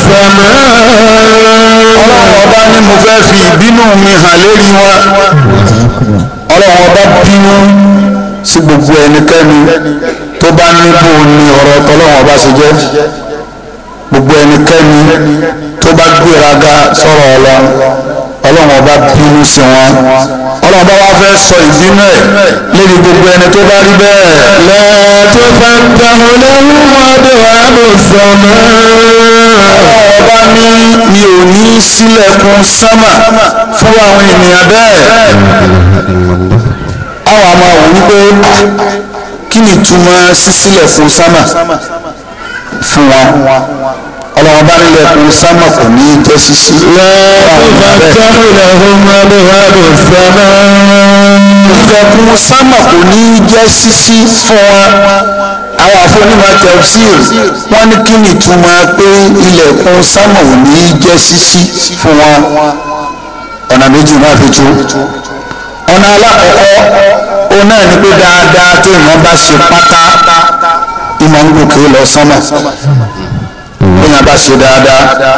sàmà. ọlọ́run ọba ni mo fẹ́ fi ìbínú mi hàn lérí wọn ọlọ́run ọba bínú sí gbogbo ẹnikẹ́ni tó bá níbo ni ọ̀rọ̀ tọ́lọ́run ọba ṣe jẹ́ gbogbo ẹnikẹ́ni tó bá gbéraga sọ̀rọ̀ ọlọ́run ọba bínú sí wọn ọlọ́run bá wá fẹ́ sọ ìbínú ẹ̀ lébi gbogbo ẹni tó bá rí bẹ́ẹ̀. lẹ́ẹ̀tọ́ fàtà olóhùn ọdún àbòsọ̀mọ́. ọba ní mi ò ní sílẹ̀kùn sámà fún àwọn ènìyàn bẹ́ẹ̀. àwọn àmọ́ àwọn wípé kí ni ìtumọ̀ sísílẹ̀ fún sámà fún wa ọlọ́run bá nílẹ̀ kún sámà kò ní í jẹ́ sísí. ilẹ̀kùn sámà kò ní í jẹ́ sísí fún wa àwọn àfọnímọ̀ tẹ̀síìr wọ́n ní kí ni ìtumọ̀ pé ilẹ̀kùn sámà ò ní í jẹ́ sísí fún wa ọ̀nà méjì náà fi tú ọ̀nà alákọ̀ọ́kọ́ òun náà ni pé dáadáa tó ìmọ̀ bá ṣe pátá ìmọ̀ ń gòkè lọ sánmà téèyàn bá ṣe dáadáa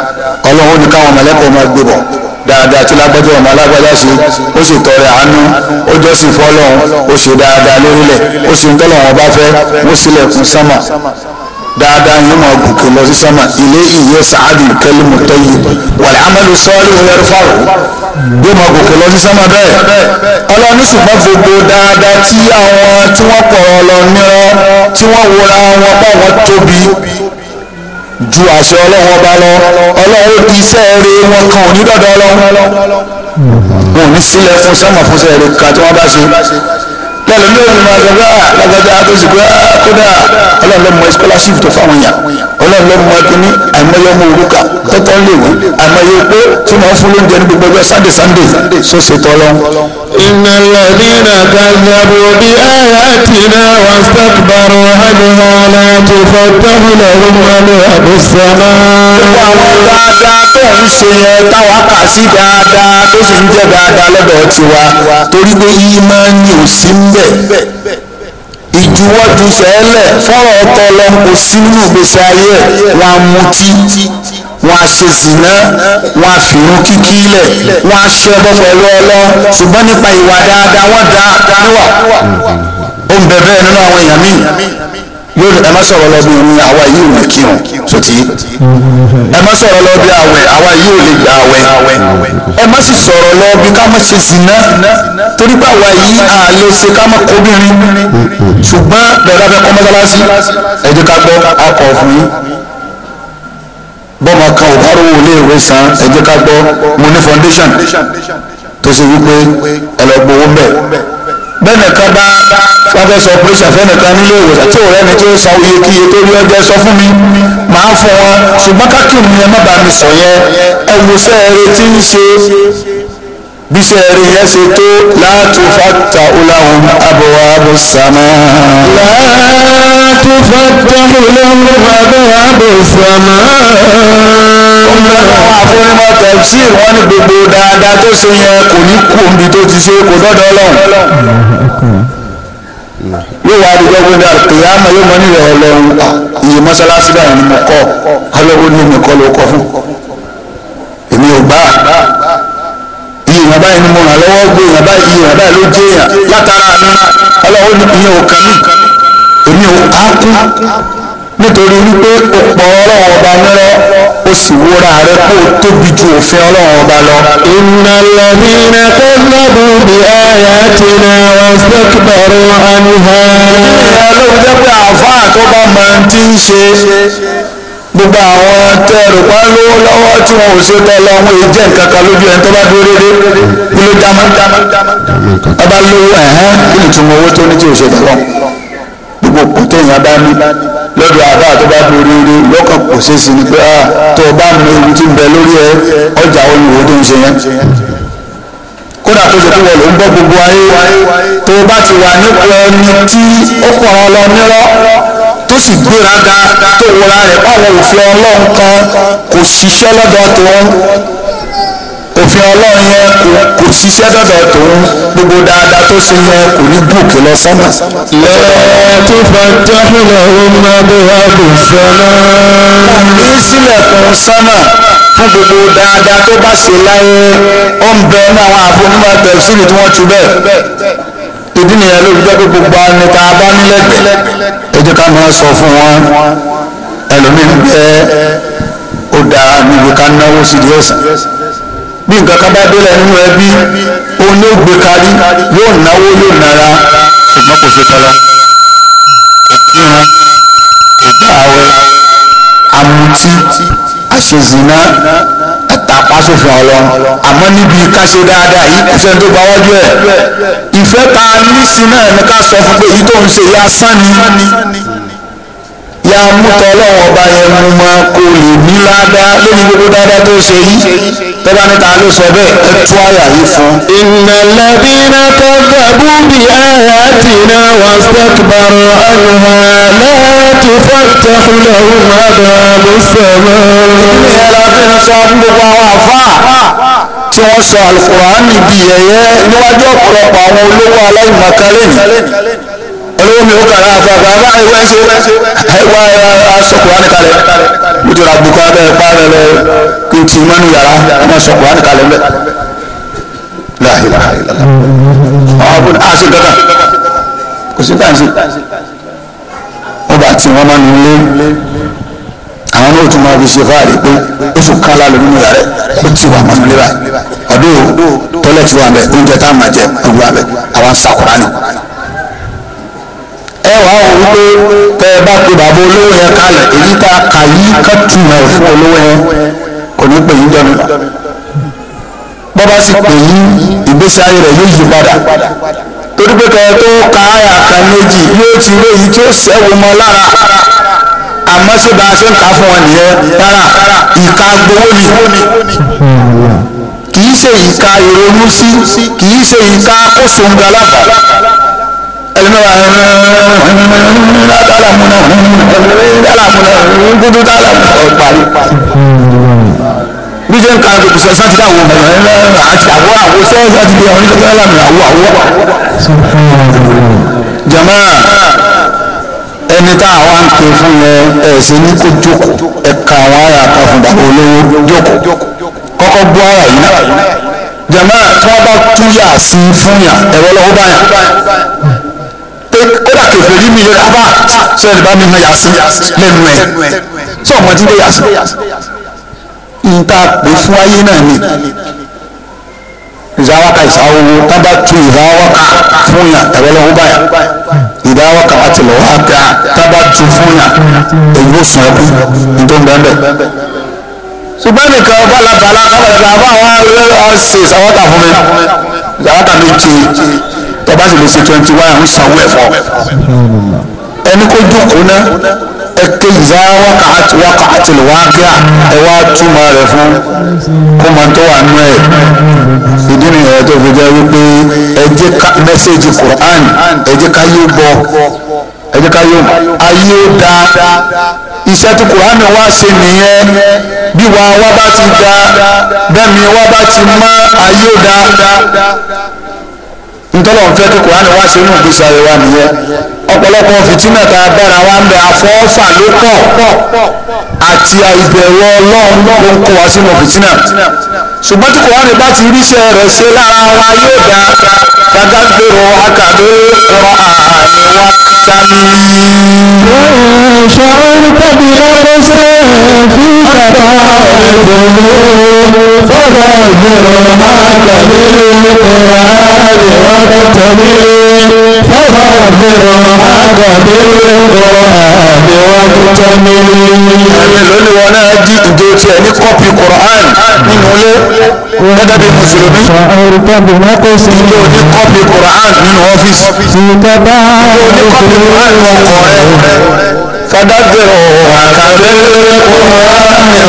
ọlọ́run ní káwọn mọ̀lẹ́kọ̀ọ́ máa gbé bọ̀ dáadáa tí lágbájá ọmọ alágbájá ṣe ó sì tọrẹ àánú ó jọ́sìn fọ́lọ́run ó ṣe dáadáa lórílẹ̀ ó sì ń tọ́lọ̀ wọn bá fẹ́ wọ́n sílẹ̀kùn sánmà dáadáa yìí máa gòkè lọ sí sánmà ilé ìyẹ́ sàádùn kẹ́límù tọ́yì wàlẹ́ amẹ́lú sọ́ọ́lì òyẹ́rì fáwọn bí máa gòkè lọ sí sánmà bẹ́ẹ̀ ọlọ́ni ṣùgbọ́n gbogbo dáadáa tí àwọn tí wọ́n pọ̀ ọ lọ nírọ́ tí wọ́n wúra wọn bá wọn tóbi ju àṣẹ ọlọ́run ọba lọ ọlọ́run ti iṣẹ́ rẹ wọn kan òní dọ́dọ̀ ọlọ́run wọn ò ní sílẹ̀ fún sẹ́mọ̀ fún sẹ́yìn rẹ kàtí wọ́n bá ṣe lẹ́nu ní òun máa gbàgbà lágbàjá àtòsí pé ah, kódà ọlọ́run ló mọ scholarship tó fáwọn èèyàn ọlọ́run ló mọ akíní àìmọye ọmọ òrùka tọ́tọ́ ń léwu àìmọye opó tí wọ́n fún lóúnjẹ ní gbogbo ọjọ́ sunday sunday sọ́sẹ̀ tọ́lọ́ إن الذين كذبوا بآياتنا واستكبروا عنها لا تفتح لهم أبواب السماء. àwọn dáadáa tó ń ṣe yẹn táwa kà sí dáadáa tó sì ń jẹ́ dáadáa lọ́dọ̀ tiwa torí pé ìmánì ò sí ń bẹ̀ ìjuwọ́jú fọ́rọ̀ ọ̀tọ̀ lọ kò sí nínú ìgbésí ayé wa mutí wọn a ṣe zìnà wọn a fìrún kíkí lẹ̀ wọn a ṣẹbọ pẹ̀lú ọlọ́ ṣùgbọ́n nípa ìwà dáadáa wọ́n da níwà ó ń bẹ bẹ́ẹ̀ nínú àwọn èèyàn míì yóò ẹ má sọ̀rọ̀ lọ bí omi àwa yìí ò lè kírun sọtí ẹ má sọ̀rọ̀ lọ bí àwẹ̀ àwa yìí ò lè gbà àwẹ̀ ẹ má sì sọ̀rọ̀ lọ bí ká má ṣe zìnà torí pé àwa yìí à lè ṣe ká má kóbìnrin ṣùgbọ́n bẹ̀rẹ̀ abẹ́kọ́ mọ́sálásí ẹ ká gbọ́ akọ̀ fún yín bọ́mọ kan ò bá rówó iléèwé san ẹ ká gbọ́ mo ní foundation tó ṣe wípé ẹlẹ́gbọ̀wọ́ bẹ̀ bẹ́ẹ̀ nìkan bá wọ́n fẹ́ sọ pírẹ́sà fẹ́ nìkan nílé ìwòsàn tí òun ẹni tí ó san iye kí iye tó rí ọjọ́ sọ fún mi màá fún wọn ṣùgbọ́n kákìmù yẹn má bàa mi sọ yẹn ẹ̀wòsàn ẹ̀rẹ́ tí ń ṣe bíṣẹ́ rí yẹn ṣe tó látúfàtà ọláhùn abwabu sàmà. látúfàtà ọláhùn abwabu sàmà. ó ń bẹ́ẹ̀ àwọn àfúnimọ̀ tafsir wọn ní gbogbo dáadáa tó ṣe yẹn kò ní kú omi tó ti ṣe kò dọ́dọ̀ ọlọ́run. yóò wá dùgbọ́ pé ní àkìyàmọ̀ yóò mọ nílẹ̀ ọlọ́run iye mọ́sálásí báyìí ni mo kọ́ alọ́wọ́ ni mi kọ́ ló kọ́ fún. tọwọ́ gbé èèyàn báyìí èèyàn báyìí ló jẹ́ èèyàn látara àná ọlọ́run ìyẹn ò kàn mí èmi ò á kú nítorí wípé o pọ̀ ọlọ́run ọba nírọ́ o sì wúra rẹ kó o tóbi ju òfin ọlọ́run ọba lọ. innal ladhina kadhabu bi ayatina wastakbaru anha. ìdílé ẹ ló ń jẹ́ pé àáfàá tó bá máa ń ti ń ṣe gbogbo àwọn tẹrù pa lówó lọ́wọ́ tí wọn ò ṣe tọ́ lọ wọn èyí jẹ́ nǹkan kan lójú ẹni tó bá dúró déédéé kí ló dá mọ́ ọba lówó ẹ̀hán kí ni ìtumọ̀ owó tó ní tí ò ṣe tọ́lọ́ gbogbo kòtò yẹn bá ní lọ́dọ̀ àbá tó bá dúró déédéé lọ́kàn kò ṣe sí ni pé a ah, tó o bá mú ewu tí ń bẹ lórí ẹ ọjà olùwò tó ń ṣe yẹn kódà tó ṣe kí wọn ló ń gbọ́ gbogbo ayé tó o bá ti wà nípò ẹni tí ó pọ̀ ọ lọ nírọ́ tó sì gbéraga tó wọra rẹ̀ báwọn òfin ọlọ́run kan kò ṣiṣẹ́ lọ́dọ̀ tòun òfin ọlọ́run yẹn kò ṣiṣẹ́ dọ̀dọ̀ tòun gbogbo dáadáa tó ṣe yẹn kò ní gòkè lọ sọ́mà. lẹ́ẹ̀tì fàjáhìlẹ̀ ọmọ abẹ́wà kò sọ́nà. kò ní sílẹ̀kùn sọ́mà fún gbogbo dáadáa tó bá ṣe láyé ó ń bẹ ní àwọn àfọwọ́nìmọ̀ tẹ̀síìlì tí wọ́n tu bẹ́ẹ̀. Ebi ni ló fi jẹ́ pé gbogbo ẹni tá a bá nílẹ̀gbẹ́ ẹ jẹ́ ká máa sọ fún wọn ẹlòmíín bẹ́ẹ̀ ó dáa níbi ká náwó sí díẹ̀ sí bí nǹkan kan bá délẹ̀ nínú ẹbí òun ló gbé kárí yóò náwó yóò nara ṣùgbọ́n kò ṣe tọ́lá kò kíran kò gbà àwẹ̀ àṣezìnà tàpá sófin ọlọ́run àmọ́ níbi ká ṣe dáadáa yìí kò sẹ́ni tó gba wájú ẹ̀ ìfẹ́ ta níṣì náà ni ká sọ fún pé èyí tó ń ṣe ya sán ni ya mútọ́ ọlọ́run ọba yẹn mú ma kó lè ní ládàá lórí gbogbo dáadáa tó ṣe yìí tọ́ba ní ta ló sọ bẹ́ẹ̀ ẹ tú àyà yìí fún. ìnàlẹ́bínà kọ́dàbù bí àyà tìǹà wọ́n sẹ́kìbàrọ̀ àyùhà láti fọ́tẹ̀kùlẹ̀hùn àdàbò sọ̀rọ̀. ìdílé yẹn la fi ń sọ fún gbogbo àwọn àfáà tí wọ́n sọ àlùkùránì níbi yẹ̀yẹ́ níwájú ọ̀pọ̀lọpọ̀ àwọn olówó aláìmọ̀kálẹ́ni mi ó kàrà àfàgbà àbá ìwé ṣe ẹwà asọ̀kùnrin kalẹ̀ mo jọra àbùkù abẹ́ ẹ̀pá rẹ̀ lẹ kí n ti mọ́nu yàrá ọmọ sọ̀kùnrin kalẹ̀ mbẹ́. láhìlá láhìlá ọ̀hún àṣẹ kankan kò sí káàsì wọ́n bá tí wọ́n máa ń lé àwọn náà tún máa fi ṣe fáàrí pé oṣù kálá ló nínú yàrá ó ti wà mọ́nú lé báyìí ọdún tọ́lẹ̀ tí wọ́n bẹ̀ oúnjẹ tá a máa jẹ gbogbo àbẹ̀ àwọn sakura ni ẹ wàá wò wípé tẹ ẹ bá pe bàbá olówó yẹn kalẹ̀ èyí tá a kà yí kàtúmọ̀ fún olówó yẹn kò ní pè yín jọ́nù bọ́bá sì pè yín ìgbésí ayé rẹ̀ yóò yí padà torí pé kẹ́ẹ̀ tó ka àyà kan méjì yóò ti rí èyí tí ó sẹ́wọ́ lára àmọ́ sí bá a ṣe ń kà fún wọn nìyẹn rárá ìka gbowó ni kì í ṣe ìka ìrònú sí kì í ṣe ìka kóso ń galaba bí jama ẹni tá a wá ń pè fún yẹn ẹ̀sìn ní kó jókòó ẹ̀ka àwọn ará àkàfùdà olówó jókòó kọ́kọ́ bú ara yìí náà jama tí wọ́n bá túyà sí fún yà ẹ̀rọ lọ́wọ́ báyà kódà kẹfẹ́rí mi lè rábà sọ ẹ̀rọ bá mi hàn yàsí lẹ́nu ẹ̀ sọ ọmọ tí ń gbé yàsí. nta pè fún ayé náà ni ìzáwáka ìsáwówó tábà tún ìzáwáka fún yàn tàbí ọlọ́wọ́ báyà ìdáwáka àti lọ́wọ́ka tábà tún fún yàn èyí ó sùn ẹkú nítorí bẹ́ẹ̀ bẹ́ẹ̀ ṣùgbọ́n nìkan ọba làbàlà kábàlà àbá àwọn ọ̀sẹ̀ ìsáwáka fún mi ìsáwáka méje tọ́ba sì lè ṣe twenty one ń sanwó ẹ̀ fún ọ. ẹni kó jókòó ná ẹ̀kẹ́ ìzá wákàtí wákàtí lè wá kíá ẹ wá túmọ̀ rẹ̀ fún kó máa tó wà nú ẹ̀. ìdí nìyẹn tó fi jẹ́ wípé ẹ jẹ́ ká mẹ́sẹ̀gì Qur'an ẹ jẹ́ ká yé bọ́ ẹ jẹ́ ká yé ayé dá iṣẹ́ tí Qur'an wá ṣe nìyẹn bí wa wá bá ti dá bẹ́ẹ̀ mi wá bá ti mọ́ ayé dá nítorí òun fẹ́ kí kùránì wá sínú ìgbésí ayé wa nìyẹn ọ̀pọ̀lọpọ̀ fìtínà tá a bára wa ń bẹ afọ́fà ló pọ̀ àti àìbẹ̀rù ọlọ́run ló ń kó wa sínú fìtínà ṣùgbọ́n tí kùránì bá ti ríṣẹ́ rẹ̀ ṣe lára wa yóò dá gbàgbàgbèrò akàdé ọ̀rọ̀ àmì wa. سم شعرت بنفسي فيك تعرفه فذاكر معك بالقرآن واقتدر فاغفر أكبر القرآن واكتمل ẹ̀mí lónìí wọn náà jí ìjọ tiẹ̀ ní kọ́pì Quran nínú ilé gẹ́gẹ́ bí mùsùlùmí ìjọ ní kọ́pì Quran nínú ọ́fíìsì ìjọ ní kọ́pì Quran nínú ọkọ̀ rẹ̀. فدبروا كبالقرآن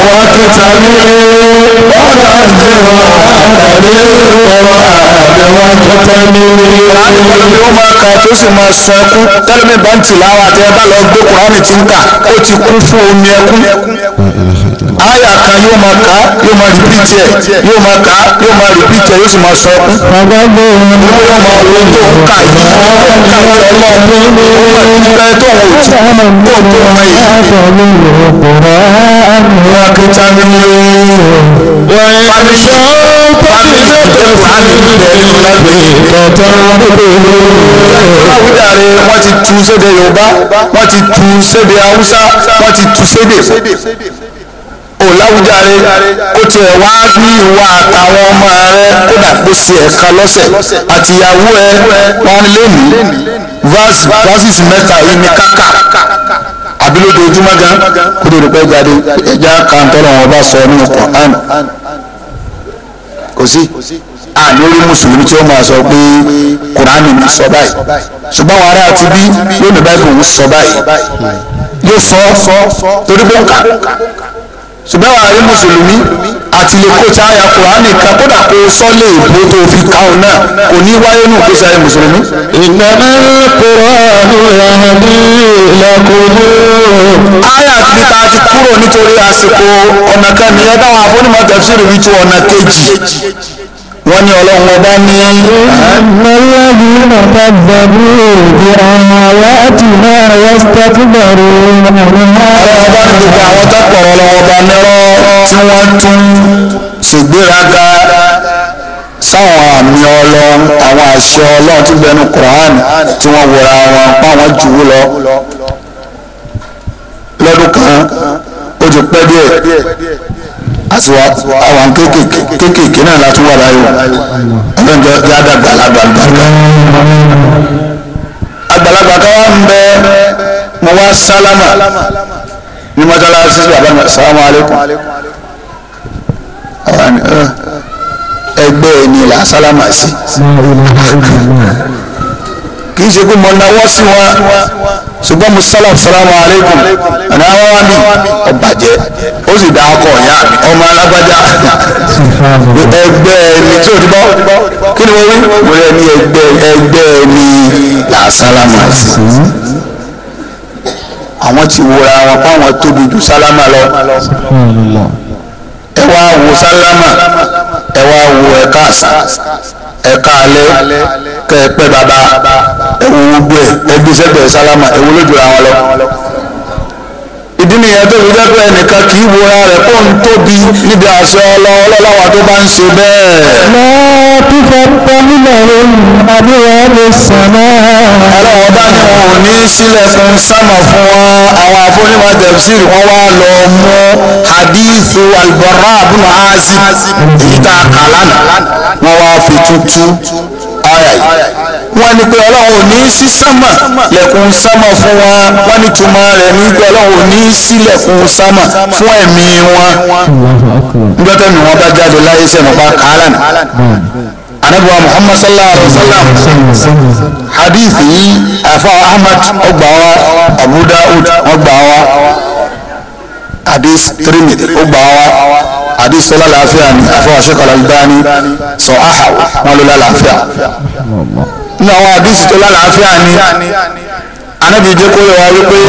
واقتلوا tó sì máa sọkú tẹlifí bá ń tì láwa tẹ ẹ bá lọ gbé kuraani tí ń kà ó ti kú fún omi ẹkú àyà kan yóò máa kà á yóò máa rìpítì ẹ̀ yóò máa kà á yóò máa rìpítì ẹ̀ yóò sì máa sọ ọ́. bàbá mi ò ní wọ́n yóò máa wo tó ń kà yìí ó ń kà yìí ọlọ́run ó wà nípa tó ń wò tó ń tó ń mọ èyí. wọ́n á kíta ní pàmìlì pàmìlì tó sàánì bẹ̀rù lágbègbè tọ̀tọ̀ láwùjáre wọ́n ti tu sédè Yorùbá wọ́n ti tu sédè Haúsá wọ́n ti tu sédè kò láwùjáre kó tiẹ̀ wá ní ìwà àtàwọn ọmọ rẹ kódà kó sí ẹ̀ka lọ́sẹ̀ àtìyàwó ẹ wọn lé ní verses mẹ́ta yìí ní káká àbí lójoojúmọ́ gan kó tó dùpẹ́ jáde ẹja kàńtọ́rọ̀ wọn bá sọ nínú Quran kò sí àní orí mùsùlùmí tí ó máa sọ pé Quran ní sọ báyìí ṣùgbọ́n àwọn ará ti bí lónìí báyìí kò ń sọ báyìí yóò sọ torí bó ń kà ṣùgbọ́n àwọn àrí mùsùlùmí àti lè kó táyà kùránì kan kódà kó sọ́lé ìbò tó fi káwọn náà kò ní wáyé nù kó sáyé mùsùlùmí. ìnáwó kùránì àmì ìlàkùnrin. àyà ti ta ti kúrò nítorí àsìkò ọ̀nà kan nìyẹn táwọn afọ́nimọ̀ ọ̀nà kejì wọ́n ní ọlọ́run ọba ní. mọ́lábí nàkà dàbí òde ọmọ láti náà wọ́sítẹ́ tí bẹ̀rù ọmọ náà. ọlọ́run ọba ní gbogbo àwọn tó pọ̀ ọlọ́run ọba nírọ́ tí wọ́n tún ṣègbéraga sáwọn àmì ọlọ́run àwọn àṣẹ ọlọ́run tí bẹnu Qur'an tí wọ́n wọra wọn páwọn jù ú lọ lọ́dún kan ó ti pẹ́ díẹ̀ àsìwà àwọn kéékèèké náà la tún wà láyò ọlọ́njọ́ yá dàgbà alágbàlagbà àgbàlagbà kan wà ń bẹ mo wá sálámà ní mọ́tàlásí bàbá mi sàlámù alẹ́kùn ẹgbẹ́ ẹni là sálámà sí kì í ṣe pé mo náwó sí wọn ṣùgbọ́n mo sálà salamu aleykum àná àwọn wa mi ọ̀bàjẹ́ ó sì dá akọ ìyá mi ọmọ alágbájá ẹgbẹ́ mi tí ò ti bọ́ kí ni mo wí mo rẹ ní ẹgbẹ́ ẹgbẹ́ mi là sálámà sí àwọn ti wòra wọn fáwọn tóbi ju sálámà lọ ẹ wá wo sálámà ẹ wá wo ẹ̀ka àṣà ẹ̀ka alẹ́ kẹ́ ẹ pẹ́ bàbá ẹ̀wọ̀n gbogbo ẹ̀ ẹbí sẹ́gbẹ̀ẹ́ sálámà ẹ̀wọ̀n lójú àwọn lọ. ìdí nìyẹn tó fi jẹ́ pé ẹnìkan kì í wora rẹ̀ kó ń tóbi níbi àṣẹ ọlọ́ọ̀lọ́wà tó bá ń ṣe bẹ́ẹ̀. lọ fífẹ́ pẹ́ nílẹ̀ ohun àbúrò lè sàn náà. ọlọ́wọ́ bá ní wọn ò ní sílẹ̀kùn sámà fún wọn àwọn àfọlẹ́wà tẹ̀síìrì wọn wá lọ mú hadithu albara abu azib ìta kàlánà wọn wá fi tuntun ara yìí wọ́n ní pé ọlọ́run ò ní sí sánmà lẹ̀kùn sánmà fún wa wọ́n ní túmọ̀ rẹ̀ ní pé ọlọ́run ò ní sílẹ̀kùn sánmà fún ẹ̀mí wọn. nígbà tó ní wọn bá jáde láyé sẹ́nu pa kàálà ní. muhammad sallallahu alaihi wa sallam hadith yìí afa ahmad ọgbà abu dawud ọgbà hadith tirimidi ọgbà hadith tó lálàáfíà ni afa wa sheikh sọ aha wọn ló lálàáfíà ní àwọn àdìsí tó lálàáfíà ni anábì jẹ́ kó yẹ wá wípé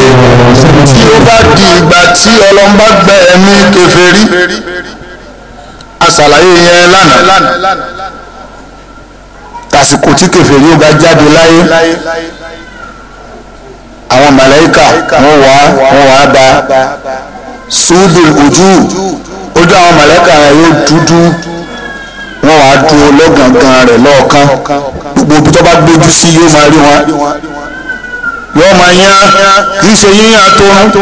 tí ó bá di ìgbà tí ọlọ́run bá gbẹ ẹ̀mí kèfèrí àṣàlàyé yẹn lánàá tàsìkò tí kèfèrí ó ga jáde láyé àwọn màláíkà wọ́n wá wọ́n wá bá sùúdù ojú ojú àwọn màláíkà yóò dúdú wọ́n wàá dúró lọ́gàngàn rẹ̀ lọ́ọ̀kan gbogbo ibi tó bá gbójú sí yóò máa rí wọn yóò máa yán kì í ṣe yíyan tó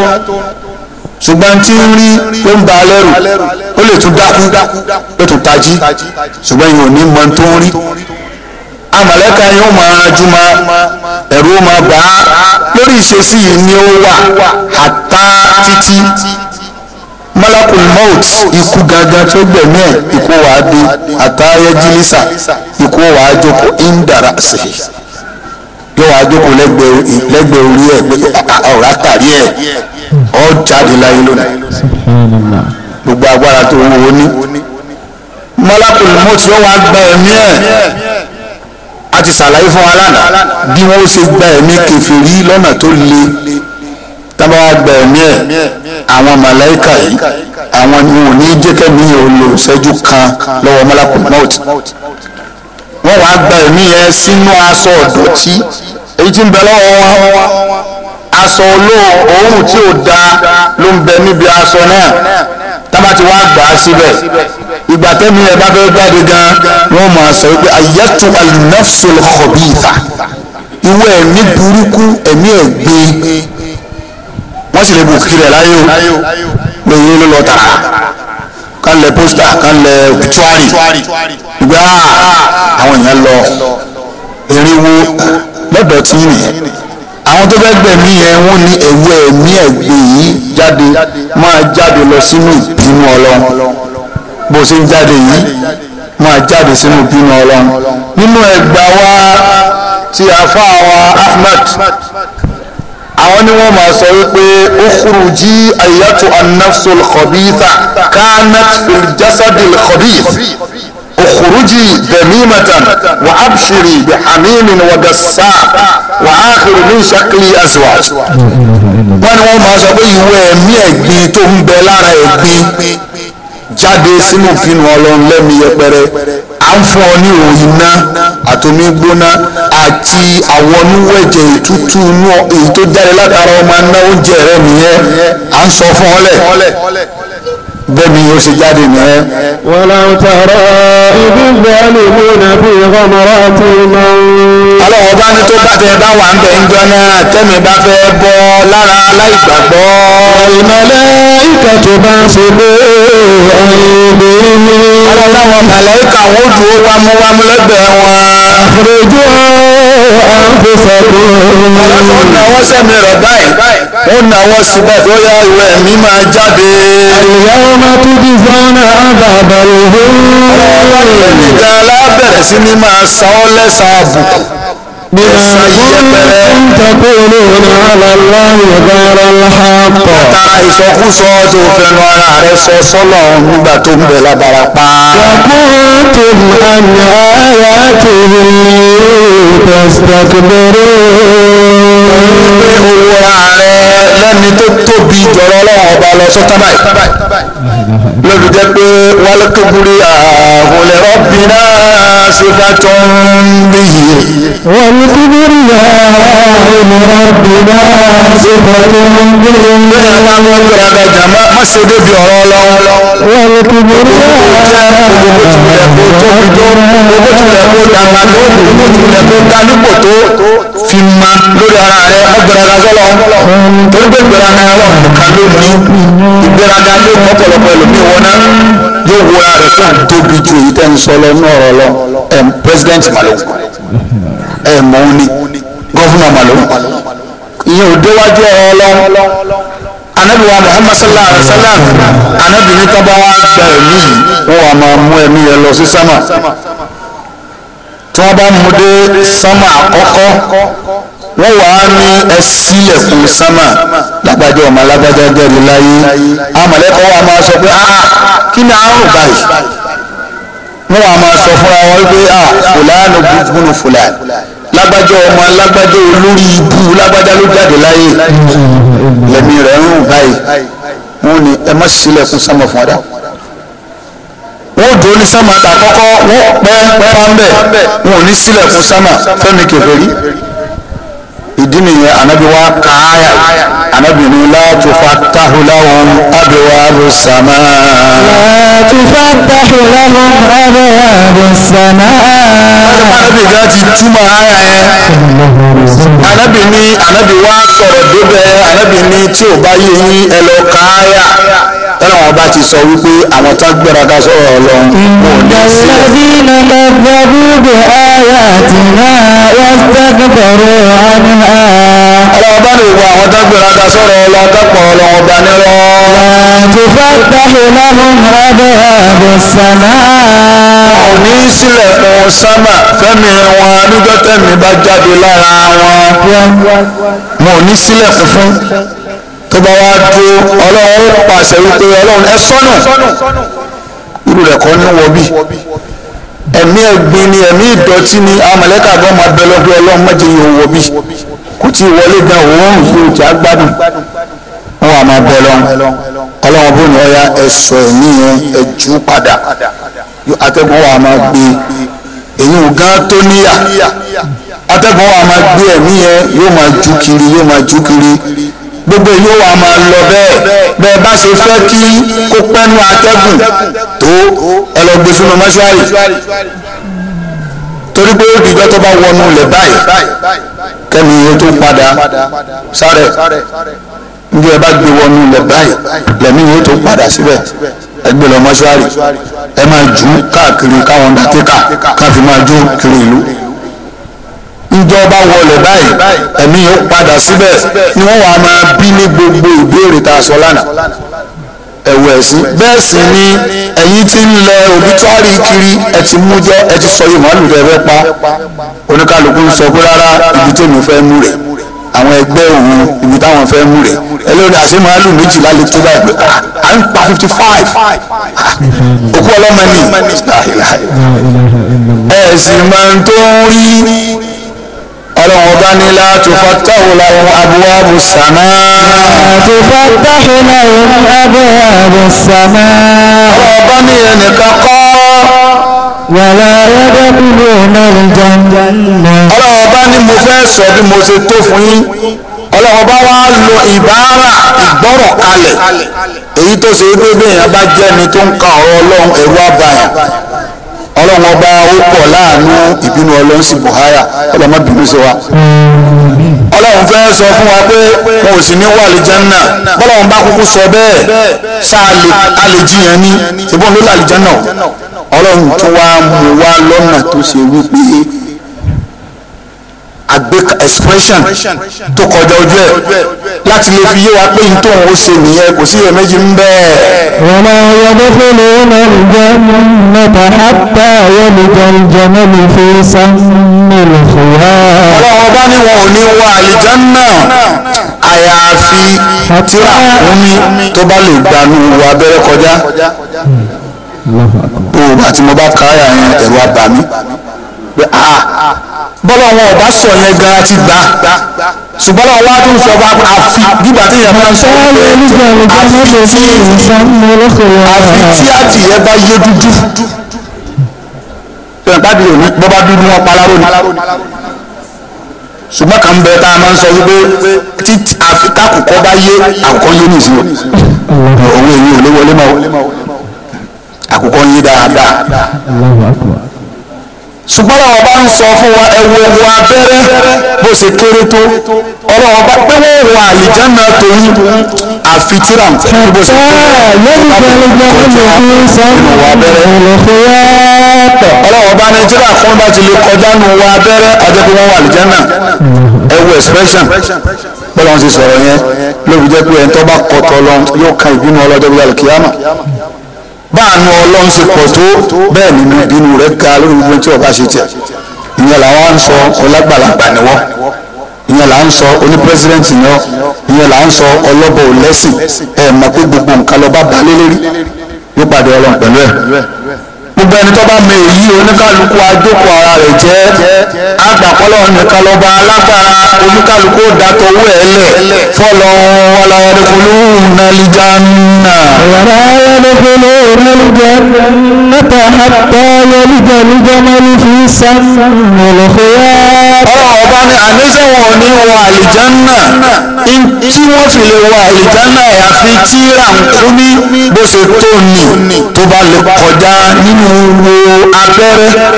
ṣùgbọ́n tí ń rí ló ń ba lẹ́rù ó lè tún dákú ló tún tají ṣùgbọ́n yìí ò ní mọ tó ń rí amọ̀lẹ́ka yóò máa ranjú ma ẹ̀rù máa bà lórí ìṣesí yìí ni ó wà àtá títí malakul maut ikú gangan tó gbẹ̀mí ẹ̀ ikú wàá dé àtàyẹ jílísà ikú wàá jókòó indara sí yóò wàá jókòó lẹ́gbẹ̀ẹ́ orí ẹ̀ ọ̀rá tàrí ẹ̀ ọ́ jáde láyé lónìí gbogbo agbára tó wù ó ní malakul maut yóò wàá gba ẹ̀mí ẹ̀ a ti ṣàlàyé fún wa lánàá bí wọ́n ṣe gba ẹ̀mí kẹfìrí lọ́nà tó le tábà wá gba ẹ̀mí ẹ̀ àwọn màláìkà yìí àwọn ni wọn ò ní jẹ́kẹ́ mi ò lò ìṣẹ́jú kan lọ́wọ́ malakul maut wọ́n wá gba ẹ̀mí yẹn sínú aṣọ ọ̀dọ̀tí èyí tí ń bẹ lọ́wọ́ wọn aṣọ olóhùn òórùn tí ò dáa ló ń bẹ níbi aṣọ náà tábà ti wá gbà á síbẹ̀ ìgbà tẹ́mi ẹ̀ bá fẹ́ jáde gan wọ́n máa sọ wípé ayatu al-nafsul khabitha ìwé ẹ̀mí burúkú ẹ̀mí ẹ̀gbin sì lè bò kiri ẹ̀ láyé o lóyún ló lọ tààrà kán pósítà kán lẹ òkútuárì àwọn èèyàn lọ erinwo lọ́dọ̀ tí ń nìyẹn àwọn tó fẹ́ gbẹ̀mí yẹn wọ́n ní ẹ̀wú ẹ̀mí ẹ̀gbẹ́ yìí jáde máa jáde lọ sínú ìbínú ọlọ́run bó ṣe ń jáde yìí máa jáde sínú ìbínú ọlọ́run nínú ẹgbàá wa ti àfa wa Ahmad àwọn ni wọ́n máa sọ wípé ukhruji ayyatu an-nafsul khabitha kanat fil jasadil khabith ukhruji damimatan wa abshiri bi hamimin wa gassa wa akhiru min shakli azwaj. wọ́n ní wọ́n máa sọ pé ìwé ẹ̀mí ẹ̀gbin tó ń bẹ lára ẹ̀gbin jáde sínú ìpinnu ọlọ́run lẹ́mi yẹpẹrẹ à ń fún ọ ní òun iná àtomi gbóná àti àwọn onúwẹ̀jẹ̀ ìtútù inú èyí tó jáde látara ọmọ aná oúnjẹ rẹ nìyẹn à ń sọ fún ọ lẹ̀ bẹ́ẹ̀ni yóò ṣe jáde nìyẹn. wàlá tààrà ibi bẹ́ẹ̀ni mú na fi ọmọrọ ti mọ. ọlọ́wọ́ bá ní tó bá tẹ bá wà ń bẹ̀ ń jọ náà tẹ́mi bá fẹ́ bọ́ lára aláìgbàgbọ́. ìmọ̀lẹ́ ìkà tó bá ń ṣe pé ọ̀yìnbí ni. ọlọ́wọ́ màlẹ́kà wọ́n dúró wámúwámú lẹ́gbẹ̀ẹ́ wọn. àfẹ̀rẹ̀jọ́. أنفسكم ó na wọ́n sí báyìí ó yá ìwé mi máa jáde. اليوم تجزون عذاب الهون. ọlọ́run nìkan alábẹ̀rẹ̀ sí ni máa san ọ́ lẹ́sàn-án àbùkù. بما كنتم تقولون على الله غير الحق. látara ìsọkúsọ tó fẹnu ara rẹ sọ sọlọ nígbà tó ń bẹ lábara pa. وكنتم عن آياته تستكبرون pé o wọra rẹ lẹ́ni tó tóbi jọ̀rọ̀ ọlọ́run ọba lọ sọ́tà báyìí lóbi jẹ́ pé wálé kébùrì àhùlẹ̀ rọ́bìnà sífàtọ́ ń bí yìí. wálé kébùrì àhùlẹ̀ rọ́bìnà sífàtọ́ ń bí yìí. bẹ́ẹ̀ ni àwọn ọgbẹ́ra gàjà má ṣe débi ọ̀rọ̀ ọlọ́run. wálé kébùrì àhùlẹ̀ rọ́bìnà sífàtọ́ ń bí yìí. fi ma lórí ara gbéraga sọ́lọ́ torí pé gbéraga ọlọ́run nìkan ló ní ìgbéraga ló mọ́pọ̀lọpọ̀ ẹlòmíì wọn náà yóò wo ara rẹ̀ fún tóbi ju èyí tẹ́ ń sọ ní ọ̀rọ̀ lọ ẹ̀m pírẹsidẹ́ǹtì malo ẹ̀mọ́ ni gọ́fúnà malo ìyẹn ò déwájú ọ̀rọ̀ lọ anabi wa muhammad sallallahu alaihi wa sallam anabi ní tọ́ba wa gba ẹ̀mí yìí wọ́n wà mú ẹ̀mí yẹn lọ sí sámà tí wọ́n bá mú dé sámà àkọ́kọ́ wọ́n wà á ní ẹsílẹ̀kùn sámà lágbájá ọmọ alágbájá jẹ́rìí láyé amọ̀lẹ́kọ̀ wa máa sọ pé ah kí ni àrùn báyìí wọ́n wà á máa sọ fúnra wọn pé ah fúlàánù bùnú fúlàánù lágbájá ọmọ alágbájá olórí ibú lágbájá ló jáde láyé lẹ́mí rẹ̀ ń rùn báyìí wọ́n ní ẹ má sílẹ̀kùn sámà fún ọ̀dà wọ́n dùn ní sámà tà kọ́kọ́ wọ́n pẹ́ pẹ́ pàmbẹ́ wọn ò ní sílẹ̀kùn sámà fẹ́mi kẹfẹ́ rí ìdí nìyẹn anabi wa kaaya anabi ni láti fatahu lahum abwabu sama. láti fatahu lahum abwabu sama. anabi ga ti túmọ̀ aya yẹn anabi ni anabi wa sọ̀rọ̀ débẹ̀ anabi ni tí o bá yẹ yín ẹ lọ kaaya tọ́lọ́wọ́n bá ti sọ wípé àwọn tán gbéraga sọ̀rọ̀ ọlọ́run kò ní sí. ìdàlẹ́bí ni bàbá búbi ayé àti náà wọ́n tẹ́gbẹ̀rọ àmì ha. ọlọ́wọ́n bá lè wọ àwọn tán gbéraga sọ̀rọ̀ ọlọ́run tọ́pọ̀ ọlọ́run bá nírọ́. àtúfà tàbí lọ́hùn rábẹ́ àbò sàmà. wọn ò ní sílẹ̀kùn sámà fẹ́mi wọn níjọ́ tẹ̀mí bá jáde lára wọn. wọn ní sílẹ̀kùn fún tó bá wá dúró ọlọ́run ó pàṣẹ wípé ọlọ́run ẹ sọ́nà irú rẹ̀ kọ́ ní wọ́bí ẹ̀mí ẹ̀gbin ni ẹ̀mí ìdọ̀tí ni amọ̀lẹ́kà gan máa bẹ lọ́dún ọlọ́run mọ́jẹ yìí wọ́bí kò tí ì wọlé gan òórùn yóò já gbádùn wọn wà máa bẹ lọ́run ọlọ́run bó ni ọya ẹ̀sọ́ ẹ̀mí yẹn ẹ̀jú padà atẹ́gùn wà máa gbé èyí ò gán tó níyà atẹ́gùn wà máa gbé ẹ̀mí yẹn yóò máa jú kiri yóò máa jú kiri gbogbo èyí ó wà máa lọ bẹ́ẹ̀ bẹ́ẹ̀ bá ṣe fẹ́ kí kó pẹ́nu atẹ́gùn tó ẹ lọ gbé sínú mọ́ṣúárì torí pé ó dìjọ́ tó bá wọnú ilẹ̀ báyìí kẹ́mi yóò tó padà sáré níbi ẹ bá gbé wọnú ilẹ̀ báyìí lẹ́mí yóò tó padà síbẹ̀ ẹ lọ mọ́ṣúárì ẹ máa jù káàkiri káwọn dàtíkà káfí máa jó kiri ìlú ìjọba wọlé báyìí ẹ̀mí yóò padà síbẹ̀ ni wọ́n wàá máa bí ní gbogbo ìbéèrè tá a sọ lánàá ẹ̀wọ̀ ẹ̀sìn bẹ́ẹ̀ sì ni ẹ̀yin tí ń lẹ òbítúárì kiri ẹ ti mú jẹ́ ẹ ti sọ yìí màálù rẹ̀ fẹ́ pa oníkàlùkù ń sọ pé rárá ibi tèmi fẹ́ mú rẹ̀ àwọn ẹgbẹ́ òun ibi táwọn fẹ́ mú rẹ̀ ẹlẹ́rìí àti màálù méjìlá lè tó báyìí ah, à ń pa fifty five ah, òkú ọlọ́mọ ni ẹ̀ sì máa ń tó ń rí ọlọ́run ọba ní láti fọ́tàwù láwọn abúwábù sàmá. láti fọ́tàwù láwọn abúwábù sàmá. ọba ní ẹnìkan kọ́. wàlá ẹgbẹ́ kúrò náà jàǹdà. ọlọ́run ọba ní mo fẹ́ sọ bí mo ṣe tó fún yín ọlọ́run ọba wa lo ìbára ìgbọ́rọ̀ kalẹ̀ èyí tó ṣe é dé bí bá jẹ́ ẹni tó ń ka ọ̀rọ̀ ọlọ́run ẹ̀rú àbáyàn ọlọ́run ọba ó pọ̀ láàánú ìbínú ọlọ́run sì ọlọ́mọ bínú sí wa. ọlọ́run fẹ́ sọ fún wa pé wọn sì ní wà àlìjánná bọ́lọ́run bá kúkú sọ bẹ́ẹ̀ ṣáà a lè jiyàn ní ṣùgbọ́n ló lálìjánná ọlọ́run tún wá mú wa lọ́nà tó ṣe wípé àgbé expression tó kọjá ojú ẹ láti lè fi yé wa pé n tóun ó ṣe nìyẹn kò sí iyèméjì ń bẹ́ẹ̀. wọ́n yọ bẹ́fẹ́ lè lọ jẹ́ mẹ́ta hápá ayélujára ìjọba lè fi sáńmì lè fòyà. ọlọ́wọ́ bá ní wọn ò ní wọ àlìjánnà àyàfi tí àkúnmí tó bá lè gbanú wọ abẹ́rẹ́ kọjá. òun hmm. àti mo bá káyà yẹn ẹ̀rọ àbàmí pé a. Ah, bọ́lá wọn ọba sọ yẹn gan ti gbà ṣùgbọ́n àwọn wájú ń sọba àfi gbígbà tí ìyàwó náà sọ wọn lè ní àfi tí àfi tí adìyẹ bá yé dúdú tẹ̀pádì òní bọ́bá dúdú wọn paláró ni ṣùgbọ́n kàn bẹ tá a máa ń sọ wípé tí àfi tákùkọ bá yé àkùkọ yé ní ìsinmi òun èyí ò lè wọlé mọ́ àkùkọ yé dáadáa ṣùgbọ́n àwọn bá ń sọ fún wa ẹwọ ẹwọ abẹ́rẹ́ bó ṣe kéré tó ọlọ́wọ́ bá pé wọ́n wọ àlìjáná torí àfitìrà ní bó ṣe kéré ọlọ́wọ́ bá nàìjíríà fún bá ti lè kọjá nù wọ abẹ́rẹ́ àjẹpẹ́ wọ́n wọ àlìjáná ẹwọ expression bọ́lá wọn ti sọ̀rọ̀ yẹn lóbi jẹ́ pé ẹni tó bá kọ́ tọ́ lọ yóò kan ìbínú ọlọ́jọ́ bí alìkíyàmà báànù ọlọ́run ṣe pọ̀ tó bẹ́ẹ̀ nínú inú rẹ̀ ga lórí gbogbo tí ọba ṣe tiẹ̀ ìyẹn làwọn ń sọ ọlágbàlagbà ni wọ́n ìyẹn là ń sọ oní pírẹsidẹ́ǹtì ni ọ́ ìyẹn là ń sọ ọlọ́bọ̀ lẹ́sìn ẹ̀ mọ̀ pé gbogbo nǹkan lọ́ba balẹ̀ lérí yóò pàdé ọlọ́run pẹ̀lú ẹ̀ gbogbo ẹni tó bá mọ èyí oníkálukú ajókòó ara rẹ̀ jẹ́ agbàkọ́lọ́ nìkan lọ́ba alágbára oníkálukú dàtọ̀ owó ẹ̀ lẹ̀ fọlọ́ wàlá ẹ̀dẹ́kulú nàlìjánà. wàlá ẹ̀dẹ́kulú nàlìjánà hàtà yẹlìjà lìjàmọ́lì fi sàmì lọ́kọ́yà. ọlọ́run ọba ni àníṣe wọn ò ní wọ àlìjánà tí wọ́n fi lè wọ àlìjánà àyàfi tí ràǹkúmí bó ṣe tó ní tó bá lè kọjá nínú wo abẹ́rẹ́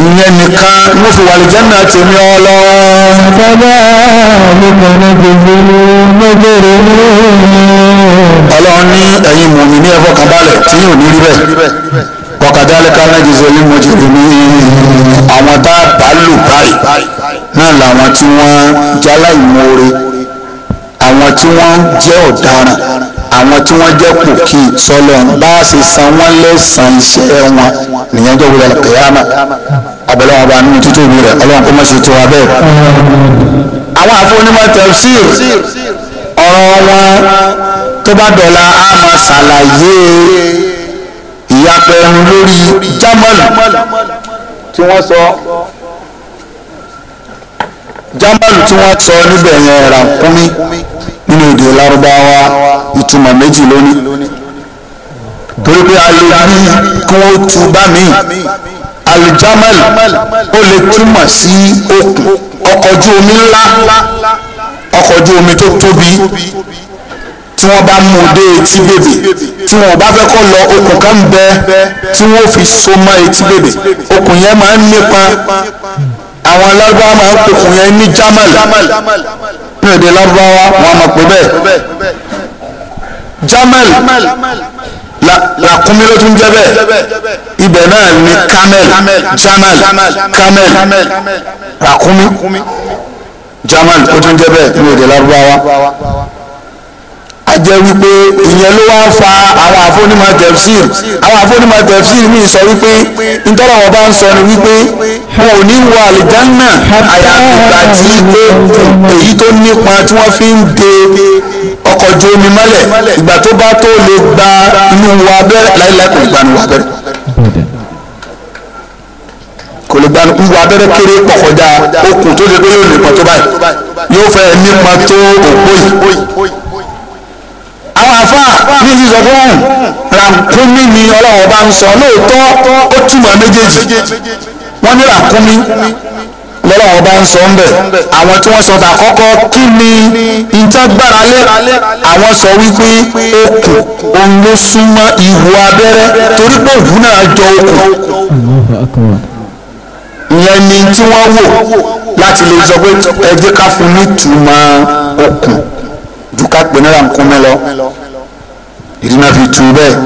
ìyẹn nìkan ló fi wà lè jẹ́ náà tèmi ọlọ. sábà nípa náà gbogbo lọ́gbẹ̀rẹ̀ ọlọ́run ní ẹ̀yin mùmí ní ẹ̀fọ́ kan balẹ̀ tí yóò ní rí bẹ́ẹ̀ kọkàdálẹ́ kánájì zọlí mọ́jìlì ní àwọn tá a bá lù báyìí náà làwọn tí wọ́n jálá ìmoore àwọn tí wọ́n jẹ́ ọ̀daràn àwọn tí wọ́n jẹ́ kòkì sọlọ́n bá a ṣe san wọ́n lẹ́sàn-án iṣẹ́ wọn nìyẹn jọ wọlé kẹyàmà abẹ́lẹ́ wọn bá nínú títí òbí rẹ̀ ọlọ́run kó má ṣe tó wa bẹ́ẹ̀. àwọn àfọwọ́nímọ̀ tẹ̀síìr ọ̀rọ̀ wọn tó bá dọ̀la á máa ṣàlàyé ìyapẹ̀ ẹnu lórí jámọ́lù tí wọ́n sọ jámọ́lù tí wọ́n sọ níbẹ̀ yẹn ràkúnmí èdè lárúbáwá ìtumọ̀ méjì lónìí torí pé a lè rí bá mi alujamal ó lè túmọ̀ sí okùn ọkọ̀ omi ńlá ọkọ̀ omi tó tóbi tí wọ́n bá mú un dé etí bèbè tí wọ́n bá fẹ́ kọ́ lọ okùn kan ń bẹ tí wọ́n fi so mọ́ etí bèbè okùn yẹn máa ń nípa àwọn alágbá máa ń pokùn yẹn ní jamal nínú èdè lárúbáwá wọn máa pè bẹ́ẹ̀ jamel làkúnmí ló tún jẹ́ bẹ́ẹ̀ ibẹ̀ náà ni Kamel, jamal camel làkúnmí jamal ó tún jẹ́ bẹ́ẹ̀ nínú èdè jẹ́ wípé ìyẹn ló wá ń fa àwọn àfọ́nímọ̀ tẹ̀fsíìr àwọn àfọ́nímọ̀ tẹ̀fsíìr mi sọ wípé ntọ́lọ́wọ́ bá ń sọ ni wípé wọn ò ní wọ àlìjánà àyàfi ìgbà tí èyí tó nípa tí wọ́n fi ń de ọkọ̀ ojú omi mọ́lẹ̀ ìgbà tó bá tó lè gba inú wa abẹ́rẹ́ láìláì kò gbanu wa abẹ́rẹ́ kò lè gbanu wa abẹ́rẹ́ kéré pọ̀ kọjá okùn tó ṣe pé yóò nípa tó báyìí yóò fẹ́ nípa tó òpó yìí àwọn àfáà ní sísọ tó hùn ràkúnmí ni ọlọ́wọ́ bá ń sọ lóòótọ́ ó túmọ̀ méjèèjì wọ́n ní ràkúnmí lọ́lọ́wọ́ bá ń sọ ń bẹ̀ àwọn tí wọ́n sọ tà kọ́kọ́ kí ni ìtàgbára lé àwọn sọ wípé okùn òun ló súnmọ́ ihò abẹ́rẹ́ torí pé òun náà jọ okùn ìyẹn ni tí wọ́n wò láti lè sọ pé ẹ jẹ́ ká fún ní ìtumọ̀ okùn ju ká la ní rànkúnmí lọ ìdí náà fi tu bẹ́ẹ̀.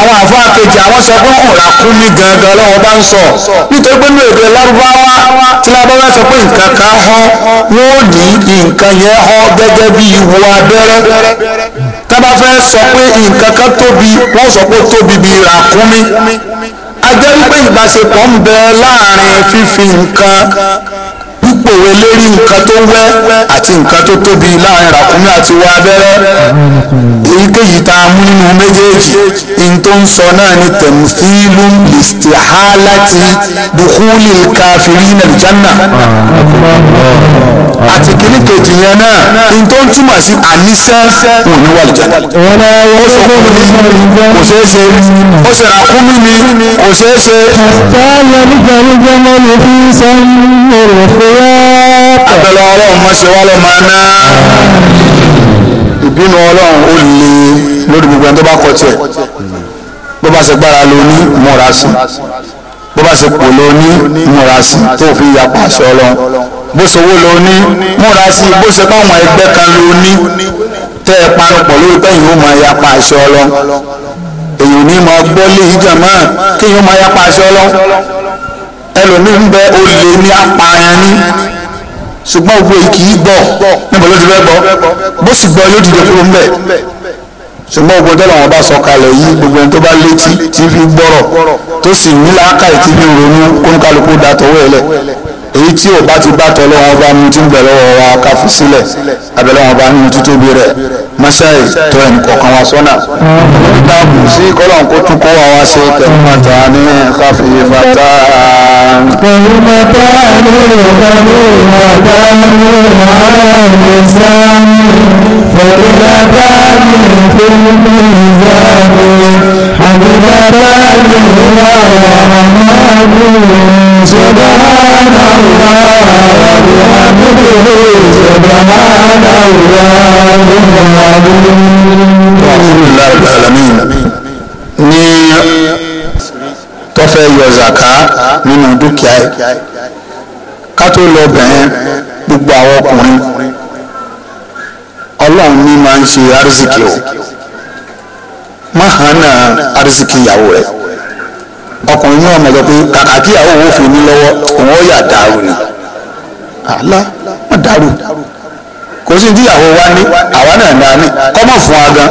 àwọn àfọ àkejì àwọn sọ pé òun ràkúnmí gangan lọ́wọ́ bá ń sọ nítorí pé ní èdè lárúbáwá tí lábáwá sọ pé nǹkan kan họ́ wọ́n ò ní nǹkan yẹn họ́ gẹ́gẹ́ bí ìwo abẹ́rẹ́ tábà fẹ́ sọ pé nǹkan kan tóbi wọ́n sọ pé tóbi bí ràkúnmí a jẹ́ wípé ìbáṣepọ̀ ń bẹ láàrin fífi nǹkan pòwe lérí nǹkan tó wẹ́ àti nǹkan tó tóbi láàrin ràkúnmí àti wọ abẹ́rẹ́ èyíkéyìí tá a mú nínú méjèèjì in tó ń sọ náà ni tẹ̀mùsílù istihalati dùkúlì kàfírínà aljanna àti kìíní kejì yẹn náà in tó ń túmọ̀ sí àníṣẹ́ wọn ní wà lìjẹ́ ó sọ fún mi kò ṣeé ṣe ó ṣe ràkúnmí mi kò ṣeé ṣe. àtàlẹ́ nígbà nígbà mọ́ lè fi sọ́n mọ̀rọ̀ fún wa abẹ́lẹ́ ọlọ́run má ṣe wá lọ́mọ aná ìbínú ọlọ́run ó le lórí gbogbo ẹni tó bá kọ tiẹ̀ bó bá ṣe gbára ló ní múra sí bó bá ṣe pò ló ní múra sí tó fi ya pàṣẹ ọlọ́run bó ṣòwò ló ní múra sí bó ṣe báwọn ẹgbẹ́ kan ló ní tẹ́ ẹ parọ́pọ̀ lórí pẹ́yìn ó máa ya pàṣẹ ọlọ́run èyí ní máa gbọ́ lé ìjàmá kéèyàn máa ya pàṣẹ ọlọ́run ẹlòmíín bẹ olè ní apààyàn ní ṣùgbọ́n gbogbo èyí kì í gbọ́ níbo ló ti fẹ́ gbọ́ bó sì gbọ́ yóò dìde kúrò ńbẹ̀ ṣùgbọ́n gbogbo tẹ́lẹ̀ wọn bá sọ kalẹ̀ yìí gbogbo ẹni tó bá létí tí fi gbọ́rọ̀ tó sì ní làákàyè tí fi ronú kónkálukú dàtọ̀wọ́ ẹ̀ èyí tí ò bá ti bá tọ́ lọ́wọ́ bá mu tí bẹ̀rẹ̀ wọ̀ wá ká fi sílẹ̀ abẹ́lẹ́ wọn bá nínú títóbi rẹ̀ mọ́ṣáì tó ẹnì kọ̀ọ̀kan wá sọ́nà. nígbà sí kọ́lọ́n kó tún kó wa wá sí pẹ̀lú mọ́ta ní káfí bàtà. pẹ̀lú mọ́ta ní pẹ̀lú mọ́ta ní ààrẹ sáàmì pẹ̀lú mọ́ta ní pẹ̀lú mọ́ta ní bàtà ní wàhálà náà سبحان الله وبحمده سبحان الله العظيم رسول الله العالمين ní tó fẹ́ yọ zaka nínú dúkìá ẹ̀ ká tó lọ bẹ̀ẹ́ gbogbo àwọn ọkùnrin ọlọ́run ní máa ọkùnrin yóò mọ̀ sọ pé kàkà kí àwọn fi mí lọ́wọ́ òun ó yà dàrú ni àlá wọ́n dàrú kò sí tíyàwó wa ní àwa náà náà ní wa gan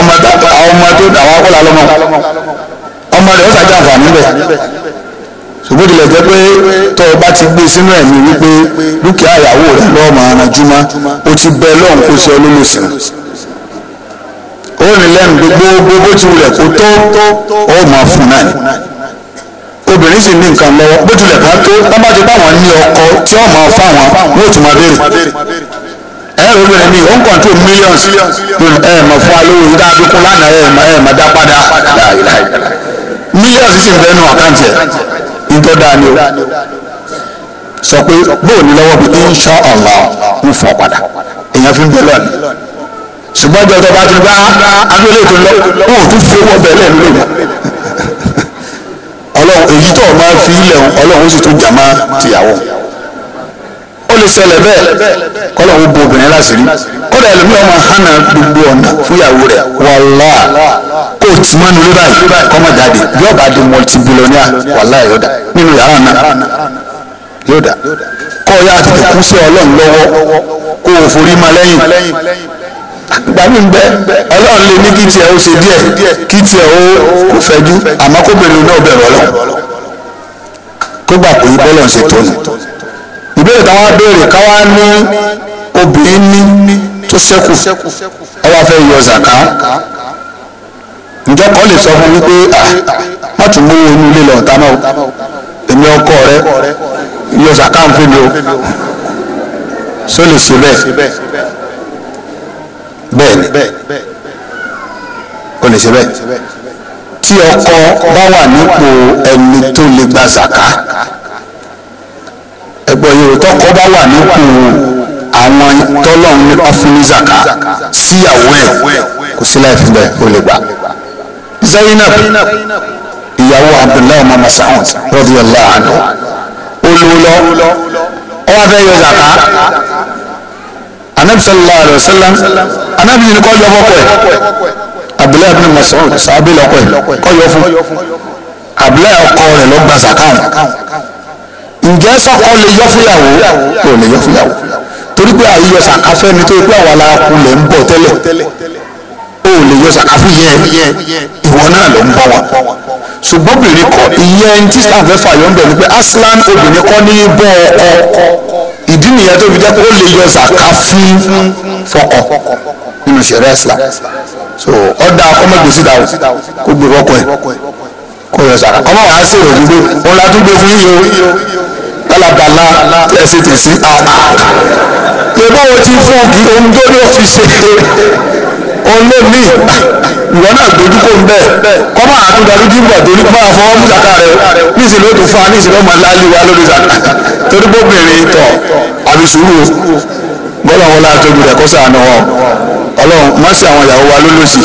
ọmọ tó àwọn ọmọ ó sàjà ṣùgbọ́n jẹ́ pé o ti gbé sínú ẹ̀mí wípé dúkìá ìyàwó o ti bẹ lọ́hùn kó ó gbogbo wulẹ̀ kó tó obìnrin sì ní nǹkan lọ́wọ́ bó tilẹ̀ ká tó tán bá ti báwọn ní ọkọ tí ó máa fáwọn wọn ò tún máa béèrè ẹ ẹ obìnrin mi ò ń control millions ẹ ẹ mọ̀ fún wa lówó ìdá àdúkún lánàá ẹ ẹ mọ̀ ẹ mọ̀ dá padà millions sì ń bẹ nù àkáǹtì ẹ ìtọ́ dáa ni o sọ pé bóò ní lọ́wọ́ bí insha Allah ń fọ̀ padà èèyàn fi ń bẹ lọ́ọ̀ni ṣùgbọ́n ìjọba bá ti gbá abẹ́lé ah, tó wọn ò tún fi owó ọbẹ̀ lẹ́nu lónìí. ọlọ́run èyí tó máa fi ilẹ̀ ọlọ́run sì tún jàmá tìyàwó ó lè ṣẹlẹ̀ bẹ́ẹ̀ kọ́lọ́run bo obìnrin láṣìírí kódà ẹlòmíràn máa hànà gbogbo ọ̀nà fúyàwó rẹ̀ wàlá kó jáde yóò bá di multibillionaire wàlá yóò dà nínú yàrá náà yóò dà gbàmí nbẹ Ọlọ́run lè ní kí tiẹ̀ ó ṣe díẹ̀ kí tiẹ̀ ó kò fẹjú àmọ́ kó bèrè náà bẹ̀rẹ̀ Ọlọ́run kó gbà pé bọlọ ṣe tó nù ìbéèrè táwọn abéèrè káwá ní obìnrin ní tó ṣẹ́kù fún o bẹ́ẹ̀ ni o lè ṣe bẹ́ẹ̀ tí ọkọ bá wà nípò ẹni tó lè gba zaka ẹgbọ́n yòówù tọkọ bá wà nípò àwọn tọ́lọ́run nípa fún ní zaka síyàwó ẹ̀ kò sí láì fún bẹ́ẹ̀ o lè gbà. Zainab ìyàwó Abdullahi ọmọ Mas'ud radiyallahu anhu olùlọ ọwọ́ abẹ́yọ zaka anabi sallallahu alayhi wa sallam anabi yìí ni kọ́ yọ fọ́kọ ẹ̀ abdullahi ibn Mas'ud sàbí lọ́kọ ẹ̀ kọ́ yọ fún abdullahi ọkọ rẹ̀ ló gba zakat ǹjẹ́ sọ́kọ lè yọ fúyàwó kò lè yọ fúyàwó torí pé àyè yọ sàkà fẹ́ ni torí pé àwa la kulẹ̀ ń bọ̀ tẹ́lẹ̀ o lè yọ sàkà fún yẹn náà ló ń bọ̀ wọn ṣùgbọ́n obìnrin kọ ìyẹn tí sàfẹ́fà yọ̀ ń ni pé aslan obìnrin kọ́ ní bọ́ ọkọ ìdí nìyẹn tó fi jẹ́ pé ó lè yọ zaka fún fọkàn nínú sẹ̀rẹ̀ islam so ọ̀dà akọ́mọ̀gbèsè dàwọ̀ kó gbé fọkàn ẹ̀ kó yọ zaka ọmọ wàá ṣe ìròyìn pé òun la tún gbé fún yíyọ kálàbàlà ẹ̀sìn tẹ̀sí àná ìbáwo ti fún kí ohun tó ní òfin ṣe olómi ìwọ náà dojúkọ ń bẹ kọ́mọ àtúndarí dìbò àtòrí máa fọwọ́ mú zaka rẹ níṣẹ́ ló tún fún wa níṣẹ́ ló máa láàlì wa lórí zaka torí bó bèrè tọ̀ àbí sùúrù bọ́lá wọn láti tóbi rẹ̀ kó sàánú wọn ọlọ́run má sí àwọn ìyàwó wa lólòsì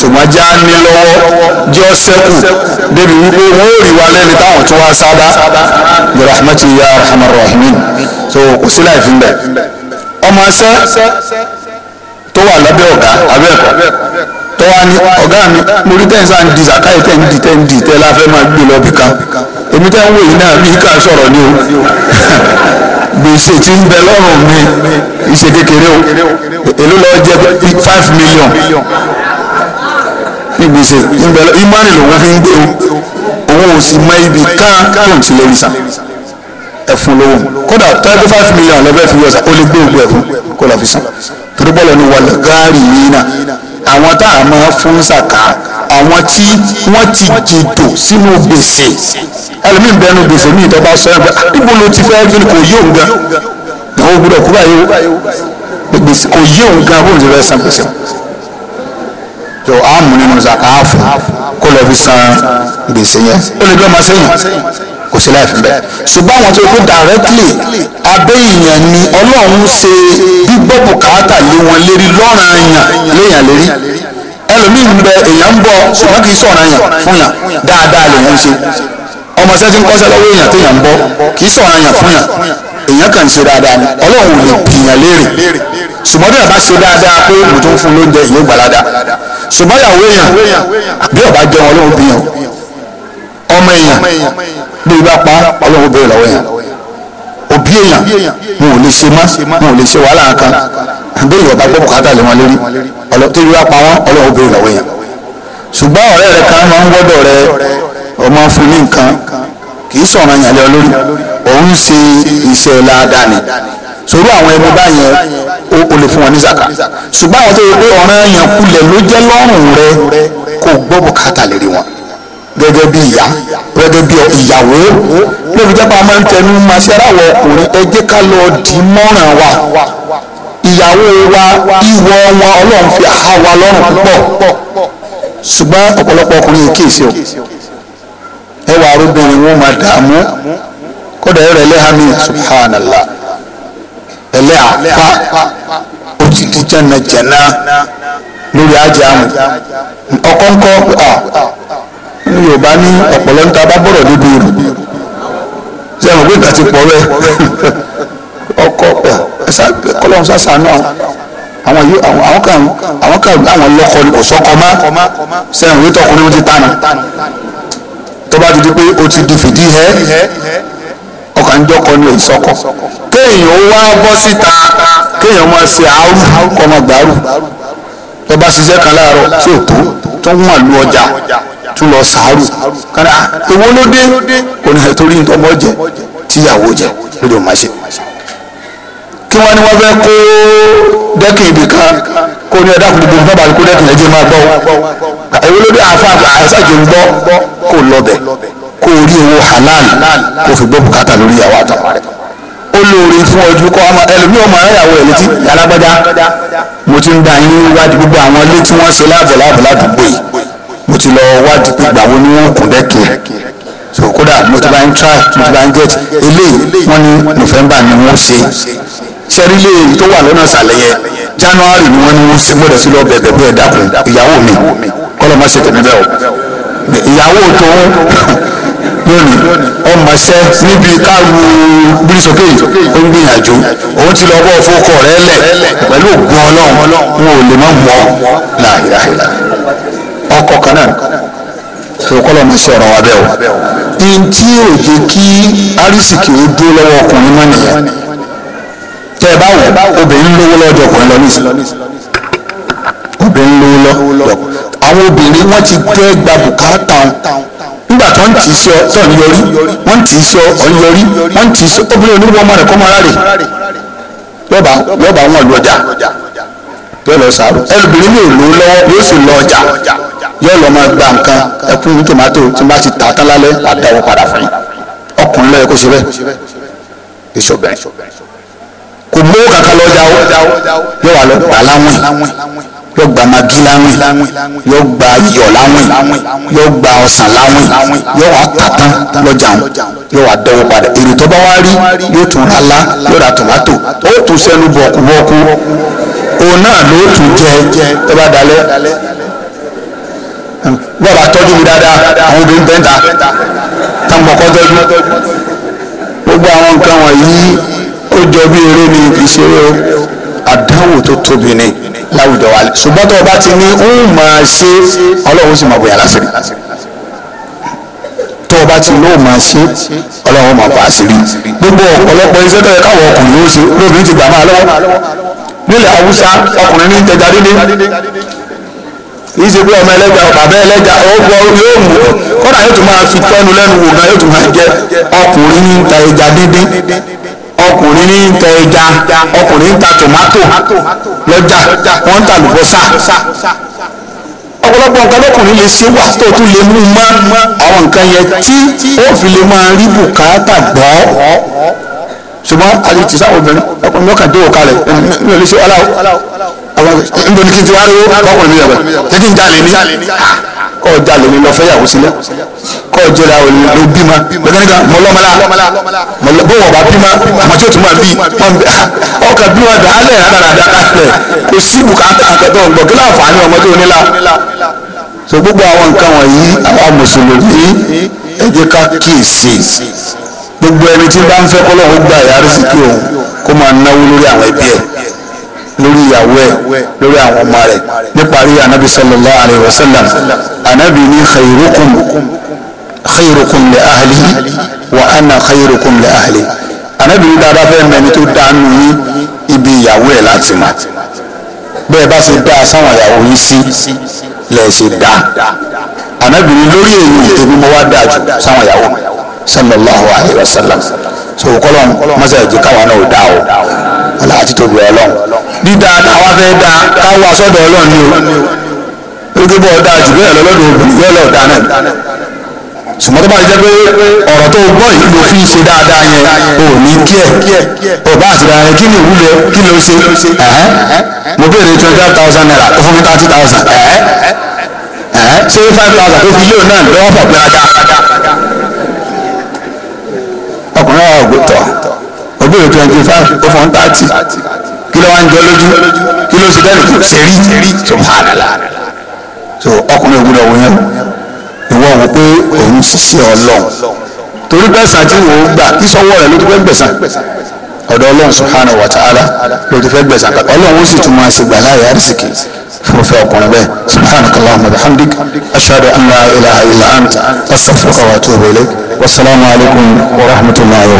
ṣùgbọ́n já ní lọ́wọ́ jẹ́ ọ sẹ́kù débi wípé wọ́n ò rí wa lẹ́ni táwọn tún wá sábà rahmatulahi ya rahman rahimin so kò sí láì fi ń bẹ̀ ọmọ ẹsẹ́ tó wà lábẹ́ ọ̀gá abẹ́ẹ̀kọ́ tó wá ní ọ̀gá mi mo rí tẹ́ǹsà ń di zakai tẹ́ ń di tẹ́ ń di tẹ́ láfẹ́ máa gbé lọ bìkan èmi tẹ́ ń wò yìí náà mi kà sọ̀rọ̀ ni o gbèsè tí ń bẹ lọ́rùn mi ìṣe kékeré o èló lọ jẹ five million ní gbèsè ń bẹ lọ imani lòun fi ń gbé o òun ò sì mọ ibi kan tó ń tilẹ̀ ìsà ẹ̀fun lówó kódà twenty five million lọ́bẹ̀ fi yọ ọ̀sà ó lè gbé ògbó ẹ̀fun kó lọ́ọ́ fi sàn torí bọ́ọ̀lù ni wọ́n gáàrí yìí náà àwọn tá a máa fún sàká àwọn tí wọ́n ti dìtò sínú gbèsè ẹlòmíín bẹnu gbèsè míì tó bá sọ ẹ pé àdúgbò ah, ló ti fẹ́ẹ́ gbìn kò yé òun gan ìyàwó gbúdọ̀ kú báyìí gbèsè kò yé òun gan bóun ti fẹ́ san gbèsè tó àmú nínú sàká àfọ kó lọ fi san gbèsè yẹn ó lè gbọ́ máa sẹ́yìn. kò sí láì bẹ́ẹ̀ ṣùgbọ́n àwọn tó kú directly abẹ́ èèyàn ni ọlọ́run ṣe gbígbọ́ bùkátà lé wọn lérí lọ́ràn èèyàn léèyàn lérí ẹlòmíì ń bẹ èèyàn ń bọ ṣùgbọ́n kì í sọ̀ràn èèyàn fún yàn dáadáa ṣe ọmọ ń kọ́ṣẹ́ lọ́wọ́ èèyàn ń bọ kì fún yàn èèyàn kàn ṣe dáadáa ni ọlọ́run ò lè bìyàn léèrè ṣùgbọ́n bí ṣe dáadáa pé mo tún fún lóúnjẹ ìyó ọmọ èèyàn bí ibà pa ọlọ́run bẹ̀rẹ̀ lọ́wọ́ yẹn òbí èèyàn wọn ò lè ṣe má wọn ò lè ṣe wàhálà kan bẹ́ẹ̀ yọ̀ọ̀bá gbọ́ bùkátà lé wọn lérí tó ibà pa wọn ọlọ́run bẹ̀rẹ̀ lọ́wọ́ yẹn ṣùgbọ́n ọ̀rẹ́ rẹ kan máa ń gbọ́dọ̀ rẹ ọmọ fún ní nǹkan kì í sọ̀rọ̀ yàn lé olórí òun ṣe iṣẹ́ ládàá ni sòrò àwọn ẹbí báyẹn o lè fún wọn ní zaka ṣùgbọ́n àwọn tó yẹ pé ọ̀ràn yẹn kulẹ̀ ló jẹ́ lọ́rùn rẹ kò gbọ́ bùkátà lérí wọn. gẹ́gẹ́ bí ìyá gẹ́gẹ́ bí ìyàwó lórí jẹ́ máa ń tẹnu máa ṣe aráwọ̀ ká lọ dì í mọ́ràn wa ìyàwó wa ìwọ wọn ọlọ́run fi há wa lọ́rùn púpọ̀ ṣùgbọ́n ọ̀pọ̀lọpọ̀ ọkùnrin yìí o wọn máa dààmú kódà ẹlẹ́hàmì jẹ́nà lórí Yorùbá ní ọ̀pọ̀lọ́ níta bá bọ̀rọ̀ débi ìlú ṣé àwọn ògbéǹkà ti pọ̀ rẹ̀ ọkọ kọlọ́run sàṣà náà àwọn yìí àwọn kan àwọn kan àwọn lọkọ ọ̀sọ́kọ má ṣé àwọn ògbéǹkà ọkùnrin wọn ti tànà tó bá ti di pé o ti di fìdí hẹ́ ọ̀kànjọ́kọ ni ìsọkọ kéèyàn ó wá bọ́ síta kéèyàn máa ṣe àárú kọ́ ọmọ gbàrú tó bá ṣiṣẹ́ kan láàárọ̀ tí ò tó tó ń wà lu ọjà tún lọ sàárù kára ah, èwo ló dé kò ní ah, torí ọmọ jẹ tíyàwó jẹ lóde o máa ṣe kí wọ́n ní wọ́n fẹ́ kó dẹ́kun ibì kan kó ní ọ̀dà kùdùkù ní bàbá kó dẹ́kun ẹ̀jẹ̀ máa gbọ́ èwo ló dé àfa àìsàjò ń gbọ́ kó lọ́bẹ̀ kó rí owó halal kó fi gbọ́ bùkátà lórí ìyàwó àtàwọn rẹ̀ olóore fún ọjọ́ kọ́ ọmọ ẹlòmíràn ọmọ ẹ̀yàwó ẹ̀ létí alágbádá mo ti ń gba yín wádìí mo ti lọ wádìí pé ìgbà wo ni wọ́n kún dẹ́kin so kódà mo ti bá ń try mo ti bá ń get eléyìí wọ́n ní November ni wọ́n ṣe sẹ́rí lé èyí tó wà lọ́nà ìsàlẹ̀ yẹn January ni wọ́n ní wọ́n ṣe gbọ́dọ̀ sí lọ bẹ̀bẹ̀ bẹ́ẹ̀ dákun ìyàwó mi kọ́lọ́ má ṣe tèmi bẹ́ẹ̀ o ìyàwó tó lónìí ọmọọṣẹ níbi káàrú bírísọkè ó ń gbìyànjú òun ti lọ bọ fọkọ rẹ lẹ pẹ̀lú ògùn Ọlọ́run wọn ò lè má mọ ọ láàyè láàyè láàyè kọ̀ọ̀kan náà ìrọ̀kọ́lọ̀ máa ṣe ọ̀rọ̀ wa bẹ́ẹ̀ o ní tí ò jẹ́ kí arísìkì ó dúró lọ́wọ́ ọkùnrin mọ́ nìyẹn tẹ́ ẹ bá wò obìnrin lówó lọ́dọ̀ ọkùnrin lọ nísìnyí obìnrin lówó lọ́dọ̀ àwọn obìnrin wọ́n ti gbẹ́ gba bùkátà nígbà tó ń tì í sọ tó ń yọrí wọ́n ń tì í sọ ọ̀ ń yọrí wọ́n ń tì í sọ obìnrin oníwọ̀n ọmọ rẹ̀ kọ́ máa rárẹ̀ yọba yọba wọn lọ́jà yọ lọ sàrò ẹlòmíràn yóò lówó lọ́wọ́ yóò sì lọ ọjà yóò lọ máa gba nǹkan ẹkún ní tòmátò tí wọ́n bá ti tà á tán lálẹ́ àdáwọ̀ padà fún yín ọkùnrin lọ́yẹ kó ṣe bẹ́ẹ̀ ìṣọ̀bẹ̀rẹ̀ kò mú kàkà lọ́jà ó yóò wà lọ gbà láwìn yóò gba magi láwìn yóò gba iyọ̀ láwìn yóò gba ọsàn láwìn yóò wà tàtán lọ́jà òun yóò wà dọ́wọ́ padà èrè tó bá wá rí yóò tún ra lá yóò ra tòmátò ó tún sẹ́nu bọ̀kúbọ̀kú òun náà ló tún jẹ tó bá dalẹ̀ bọ́ọ̀bà tọ́jú mi dáadáa àwọn obìnrin bẹ́ńtà tàǹkọ̀kọ́ tọ́jú gbogbo àwọn nǹkan wọ̀nyí ó jọ bí eré ni ìṣeré o àdánwò tó tóbi ni láwùjọ wa ṣùgbọ́n tó o bá ti ní ń máa ṣe ọlọ́run sì máa bòyá lásìrí tó o bá ti lóò máa ṣe ọlọ́run máa bá àṣírí gbogbo ọ̀pọ̀lọpọ̀ iṣẹ́ tó yẹ káwọn ọkùnrin ó ṣe lóbìnrin ti gbà máa lọ́wọ́ nílẹ̀ haúsá ọkùnrin ní tẹja dídé kì í ṣe pé ọmọ ẹlẹ́ja bàbá ẹlẹ́ja ọgbọ yóò mú kọ́dà yóò tún máa fi tọ́nu lẹ́nu wò gan yóò tún máa jẹ ọkùnrin ní ta ẹja díndín ọkùnrin ní ta ẹja ọkùnrin ní ta tòmátò lọ́jà wọ́n ń ta lùbọ́sà ọ̀pọ̀lọpọ̀ nǹkan lọ́kùnrin lè ṣe wà tó tún lè mú mọ́ àwọn nǹkan yẹn tí ó fi lè máa rí bùkátà gbọ́ ṣùgbọ́n àti tìṣà obìnrin ọkùnrin lọ́kàn dé òkàlẹ̀ ẹ̀ nítorí kí n ti wá rówó ọkùnrin mi yàgbẹ́ ṣé kí n jalè ní ah, kọ́ jalè ní lọ́fẹ́ yàwó sílẹ̀ kọ́ jẹ́ra ò ní ló bímọ gbẹ̀gbẹ̀gbẹ̀ mọ̀lọ́mọlá bówó ọba bímọ àmọ́ tí o tún máa bí ọkà bímọ dàálẹ̀ rádaràdà káfẹ́ kò sí bùkátà àkẹ́tọ̀ ọ̀gbọ̀n kí láǹfààní ọmọ tó nílà so gbogbo àwọn nǹkan wọ̀nyí àwa mùsùlùmí ẹ jẹ́ ká kíyèsí gbogbo ẹni tí bá ń fẹ́ kọ́lọ́hún gbà yàrá sí kí òun kó máa náwó lórí àwọn ẹbí ẹ̀ lórí ìyàwó ẹ̀ lórí àwọn ọmọ rẹ̀ níparí anabi sallallahu alayhi wa sallam anabi ní khayrukum khayrukum li ahli wa ana khayrukum li ahli anabi ní dáadáa fẹ́ mẹ́ni tó dánú yín ibi ìyàwó ẹ̀ láti mà bẹ́ẹ̀ bá ṣe dáa sáwọn ìyàwó yín sí lẹ̀ ṣe anabi ní lórí èyí èmi mo wá dáa sáwọn ìyàwó sallallahu alayhi wa sallam so kọ́lọ́n mọ́sá káwọn náà dáa o aláàtì tóbi ọlọ́run dídá táwa fẹ́ dá káwa sọ́dọ̀ ọlọ́run ni o gbogbo ọ̀dà jù bẹ́ẹ̀ lọ́lọ́dún obìnrin bẹ́ẹ̀ lọ́ọ̀dà náà ṣùgbọ́n tó bá jẹ́ pé ọ̀rọ̀ tó gbọ́ yìí ló fi ṣe dáadáa yẹn ò ní díẹ̀ ọba àti ìdára yẹn kí ni ìwúlò kí ló ṣe mo béèrè twenty five thousand naira ó fún mi thirty thousand ṣé five thousand tó fi yóò náà lọ́wọ́ pọ̀ pé ajá ọkùnrin ọ̀gbìn tọ̀ lóye twenty five ó fún thirty kí ló wá ń jọ lójú kí ló ṣe dẹ́nu kò ṣe rí subhanallah so ọkùnrin ògbúdọ̀ wọ yẹn ìwọ wò pé òun ṣiṣẹ́ ọlọ́run torí bẹ́sà tí wò ó gbà kí sọ́wọ́ rẹ̀ ló ti fẹ́ gbẹ̀sán ọ̀dọ̀ ọlọ́run subhanahu wa ta'ala ló ti fẹ́ gbẹ̀sán kàkà ọlọ́run ó sì tún máa ṣe gbà láàyè àrísìkì fún fẹ́ ọkùnrin bẹ́ẹ̀ subhanakallahumma wa bihamdik ashhadu an la ilaha illa anta astaghfiruka wa atubu ilayk wa rahmatulahi.